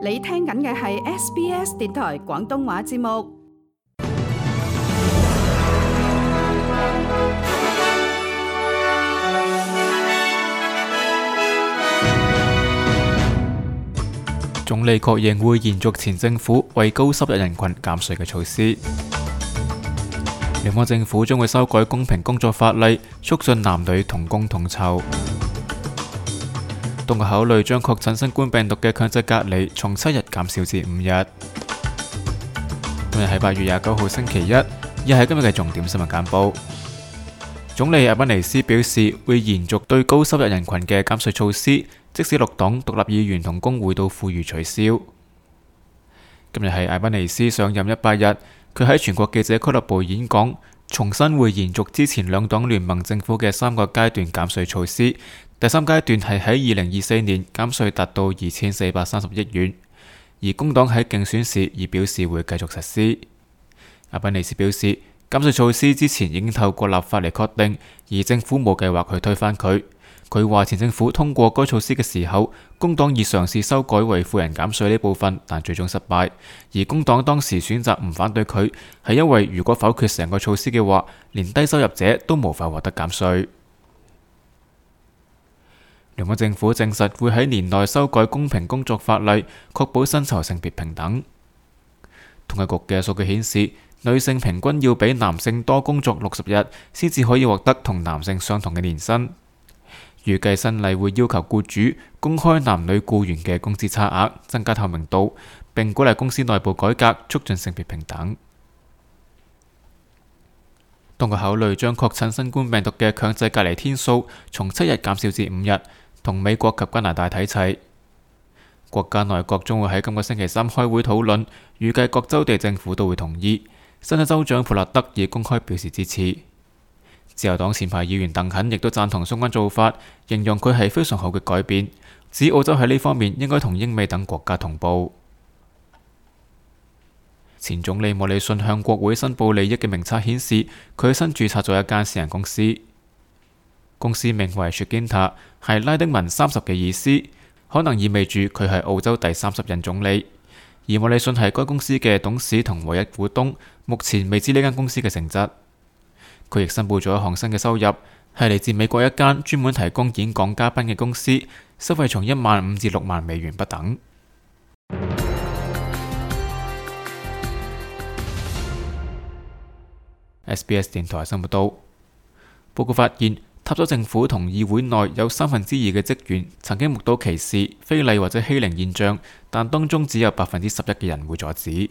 你聽緊嘅係 SBS 電台廣東話節目。總理確認會延續前政府為高收入人群減稅嘅措施。聯邦政府將會修改公平工作法例，促進男女同工同酬。動嘅考慮，將確診新冠病毒嘅強制隔離從七日減少至五日。今日係八月廿九號，星期一，亦係今日嘅重點新聞簡報。總理阿賓尼斯表示會延續對高收入人群嘅減稅措施，即使綠黨獨立議員同工會都富裕取消。今日係阿賓尼斯上任一百日，佢喺全國記者俱樂部演講。重新會延續之前兩黨聯盟政府嘅三個階段減稅措施，第三階段係喺二零二四年減稅達到二千四百三十億元，而工黨喺競選時已表示會繼續實施。阿賓尼斯表示，減稅措施之前已經透過立法嚟確定，而政府冇計劃去推翻佢。佢話：前政府通過該措施嘅時候，工黨已嘗試修改為富人減稅呢部分，但最終失敗。而工黨當時選擇唔反對佢，係因為如果否決成個措施嘅話，連低收入者都無法獲得減稅。聯邦政府證實會喺年內修改公平工作法例，確保薪酬性別平等。統計局嘅數據顯示，女性平均要比男性多工作六十日，先至可以獲得同男性相同嘅年薪。預計新例會要求雇主公開男女雇員嘅工資差額，增加透明度，並鼓勵公司內部改革，促進性別平等。當局考慮將確診新冠病毒嘅強制隔離天數從七日減少至五日，同美國及加拿大睇齊。國家內閣將會喺今個星期三開會討論，預計各州地政府都會同意。新州州長弗洛德已公開表示支持。自由黨前排議員鄧肯亦都贊同相關做法，形容佢係非常好嘅改變，指澳洲喺呢方面應該同英美等國家同步。前總理莫里遜向國會申報利益嘅名冊顯示，佢新注冊咗一間私人公司，公司名為雪堅塔，係拉丁文三十嘅意思，可能意味住佢係澳洲第三十任總理。而莫里遜係該公司嘅董事同唯一股東，目前未知呢間公司嘅性質。佢亦申報咗一項新嘅收入，係嚟自美國一間專門提供演講嘉賓嘅公司，收費從一萬五至六萬美元不等。SBS 電台新聞台報告發現，塔州政府同議會內有三分之二嘅職員曾經目睹歧視、非禮或者欺凌現象，但當中只有百分之十一嘅人會阻止。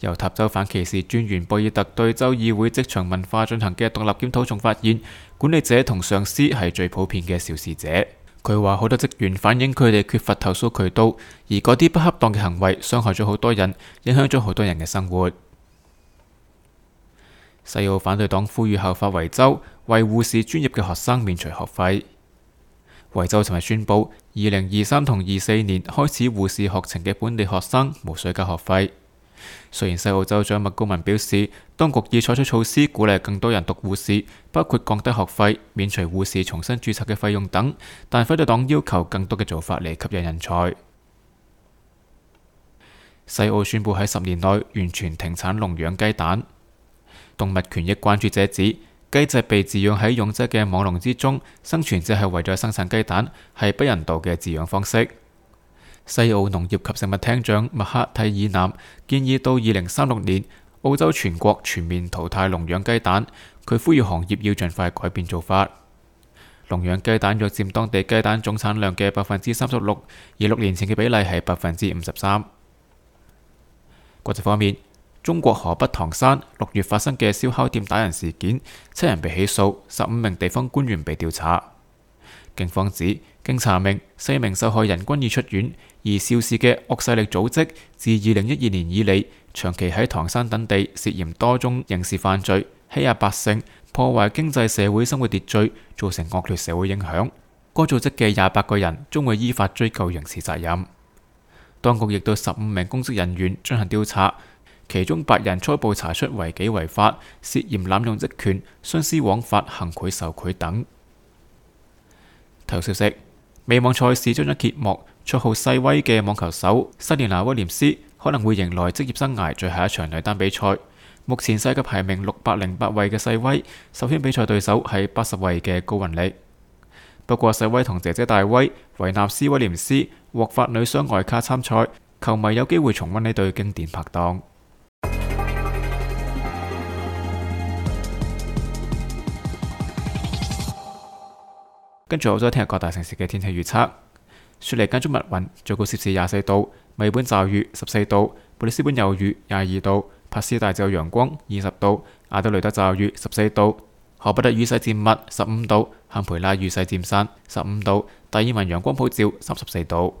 由塔州反歧視專員博爾特對州議會職場文化進行嘅獨立檢討仲發現，管理者同上司係最普遍嘅肇事者。佢話好多職員反映佢哋缺乏投訴渠道，而嗰啲不恰當嘅行為傷害咗好多人，影響咗好多人嘅生活。西澳反對黨呼籲效法維州為護士專業嘅學生免除學費，維州尋日宣布二零二三同二四年開始，護士學程嘅本地學生無需交學費。雖然西澳州長麥高文表示，當局已採取措施鼓勵更多人讀護士，包括降低學費、免除護士重新註冊嘅費用等，但反對黨要求更多嘅做法嚟吸引人才。西澳宣布喺十年內完全停產籠養雞蛋。動物權益關注者指，雞隻被飼養喺擁擠嘅網籠之中，生存者係為咗生產雞蛋，係不人道嘅飼養方式。西澳農業及食物廳長麥克蒂爾南建議到二零三六年澳洲全國全面淘汰籠養雞蛋，佢呼籲行業要盡快改變做法。籠養雞蛋約佔當地雞蛋總產量嘅百分之三十六，而六年前嘅比例係百分之五十三。國際方面，中國河北唐山六月發生嘅燒烤店打人事件，七人被起訴，十五名地方官員被調查。警方指，經查明，四名受害人均已出院。而肇事嘅惡勢力組織自二零一二年以嚟，長期喺唐山等地涉嫌多宗刑事犯罪，欺壓百姓，破壞經濟社會生活秩序，造成惡劣社會影響。該組織嘅廿八個人將會依法追究刑事責任。當局亦對十五名公職人員進行調查，其中八人初步查出違紀違法，涉嫌濫用職權、徇私枉法、行賄受賄等。頭消息，美網賽事將一揭幕，綽號細威嘅網球手塞琳娜威廉斯可能會迎來職業生涯最後一場女單比賽。目前世界排名六百零八位嘅細威，首圈比賽對手係八十位嘅高雲李。不過細威同姐姐大威維納斯威廉斯獲發女雙外卡參賽，球迷有機會重溫呢對經典拍檔。跟住我再聽日各大城市嘅天氣預測。雪梨間中密雲，最高攝氏廿四度；墨爾本驟雨，十四度；布里斯本有雨，廿二度；帕斯大致有陽光，二十度；亞德雷德驟雨，十四度；荷伯特雨勢漸密，十五度；肯培拉雨勢漸散，十五度；達爾文陽光普照，三十四度。